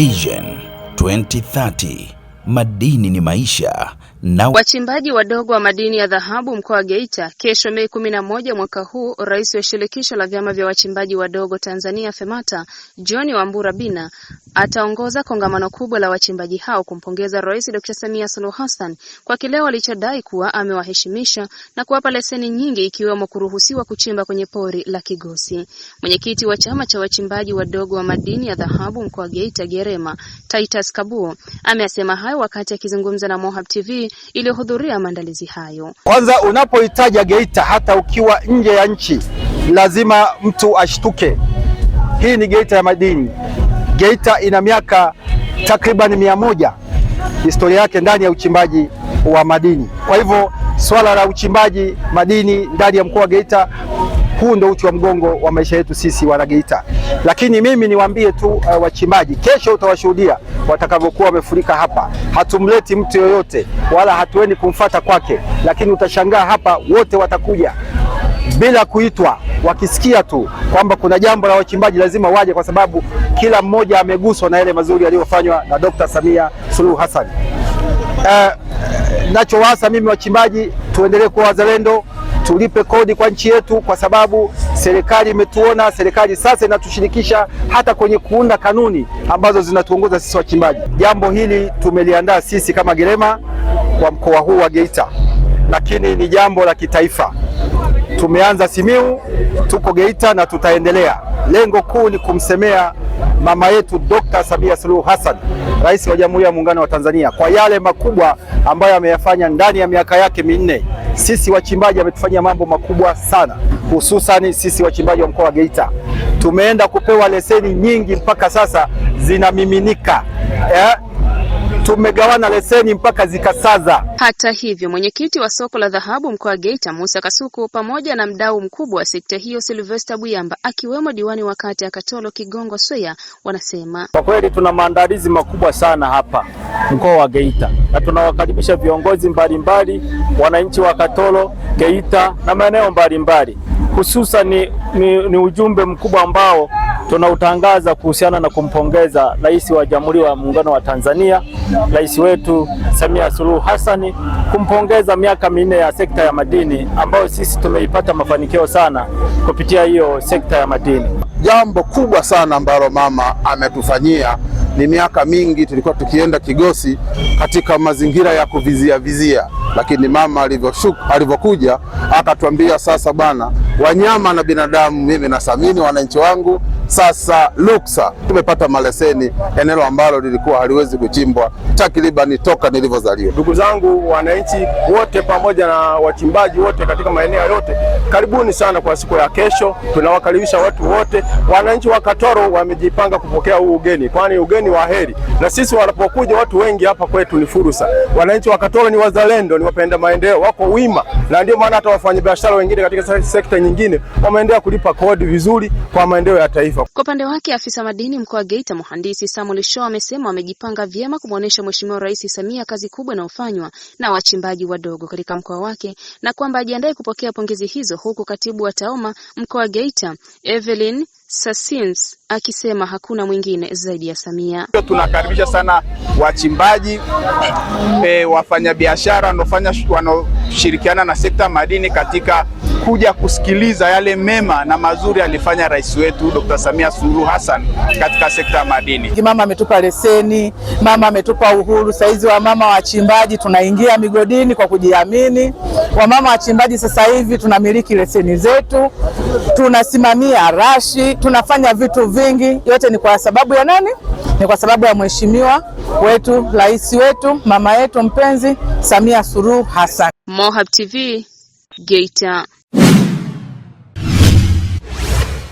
Vision 2030 madini ni maisha. Wachimbaji wadogo wa madini ya dhahabu mkoa wa Geita kesho Mei kumi na moja mwaka huu Rais wa Shirikisho la Vyama vya Wachimbaji Wadogo Tanzania FEMATA John Wambura Bina ataongoza kongamano kubwa la wachimbaji hao kumpongeza Rais Dr. Samia Suluhu Hassan kwa kile walichodai kuwa amewaheshimisha na kuwapa leseni nyingi ikiwemo kuruhusiwa kuchimba kwenye pori la Kigosi. Mwenyekiti wa Chama cha Wachimbaji Wadogo wa Madini ya Dhahabu mkoa wa Geita Gerema Titus Kabuo ameasema hayo wakati akizungumza na Mohab TV iliyohudhuria maandalizi hayo. Kwanza, unapohitaja Geita, hata ukiwa nje ya nchi, lazima mtu ashtuke. Hii ni Geita ya madini. Geita ina miaka takriban mia moja historia yake ndani ya uchimbaji wa madini. Kwa hivyo swala la uchimbaji madini ndani ya mkoa wa Geita huu ndio uti wa mgongo wa maisha yetu sisi geita Lakini mimi niwaambie tu uh, wachimbaji, kesho utawashuhudia watakavyokuwa wamefurika hapa. Hatumleti mtu yoyote wala hatuendi kumfata kwake, lakini utashangaa hapa wote watakuja bila kuitwa, wakisikia tu kwamba kuna jambo la wachimbaji lazima waje, kwa sababu kila mmoja ameguswa na yale mazuri yaliyofanywa na Dr. Samia Suluhu Hassan. Uh, nachowaasa mimi wachimbaji, tuendelee kuwa wazalendo tulipe kodi kwa nchi yetu, kwa sababu serikali imetuona. Serikali sasa inatushirikisha hata kwenye kuunda kanuni ambazo zinatuongoza sisi wachimbaji. Jambo hili tumeliandaa sisi kama Gerema kwa mkoa huu wa Geita, lakini ni jambo la kitaifa. Tumeanza Simiu, tuko Geita na tutaendelea. Lengo kuu ni kumsemea mama yetu Dkt. Samia Suluhu Hassan, Rais wa Jamhuri ya Muungano wa Tanzania, kwa yale makubwa ambayo ameyafanya ndani ya miaka yake minne. Sisi wachimbaji ametufanyia mambo makubwa sana, hususani sisi wachimbaji wa mkoa wa Geita tumeenda kupewa leseni nyingi mpaka sasa zinamiminika yeah? tumegawana leseni mpaka zikasaza. Hata hivyo, mwenyekiti wa soko la dhahabu mkoa wa Geita Musa Kasuku pamoja na mdau mkubwa wa sekta hiyo Silvester Buyamba akiwemo diwani wa kata ya Katolo Kigongo Soya wanasema kwa kweli tuna maandalizi makubwa sana hapa mkoa wa Geita na tunawakaribisha viongozi mbalimbali, wananchi wa Katolo, Geita na maeneo mbalimbali, hususan ni, ni, ni ujumbe mkubwa ambao tunautangaza kuhusiana na kumpongeza Rais wa Jamhuri wa Muungano wa Tanzania, Rais wetu Samia Suluhu Hassan, kumpongeza miaka minne ya sekta ya madini ambayo sisi tumeipata mafanikio sana kupitia hiyo sekta ya madini. Jambo kubwa sana ambalo mama ametufanyia ni miaka mingi tulikuwa tukienda Kigosi katika mazingira ya kuvizia vizia, lakini mama alivyokuja akatuambia, sasa bwana, wanyama na binadamu, mimi nasamini wananchi wangu sasa Luxa tumepata maleseni, eneo ambalo lilikuwa haliwezi kuchimbwa takriban toka nilivyozaliwa. Ndugu zangu wananchi wote pamoja na wachimbaji wote katika maeneo yote, karibuni sana kwa siku ya kesho. Tunawakaribisha watu wote. Wananchi wa Katoro wamejipanga kupokea huu ugeni, kwani ugeni wa heri, na sisi wanapokuja watu wengi hapa kwetu ni fursa. Wananchi wa Katoro ni wazalendo, ni wapenda maendeleo, wako wima, na ndio maana hata wafanyabiashara wengine katika sekta nyingine wameendelea kulipa kodi vizuri kwa maendeleo ya taifa. Kwa upande wake afisa madini mkoa wa Geita mhandisi Samuel Shaw amesema wamejipanga vyema kumwonyesha Mheshimiwa Rais Samia kazi kubwa inayofanywa na wachimbaji wadogo katika mkoa wake na kwamba ajiandae kupokea pongezi hizo, huku katibu wa TAOMA mkoa wa Geita Evelyn Sasins akisema hakuna mwingine zaidi ya Samia. Tunakaribisha sana wachimbaji e, wafanyabiashara wanaofanya kushirikiana na sekta madini katika kuja kusikiliza yale mema na mazuri alifanya rais wetu Dr. Samia Suluhu Hassan katika sekta ya madini. Mama ametupa leseni, mama ametupa uhuru. Saizi wamama wachimbaji tunaingia migodini kwa kujiamini. Wamama wachimbaji sasa hivi tunamiliki leseni zetu, tunasimamia rashi, tunafanya vitu vingi. Yote ni kwa sababu ya nani? Ni kwa sababu ya mheshimiwa wetu, rais wetu, mama yetu mpenzi Samia Suluhu Hassan. Mohab Tv Geita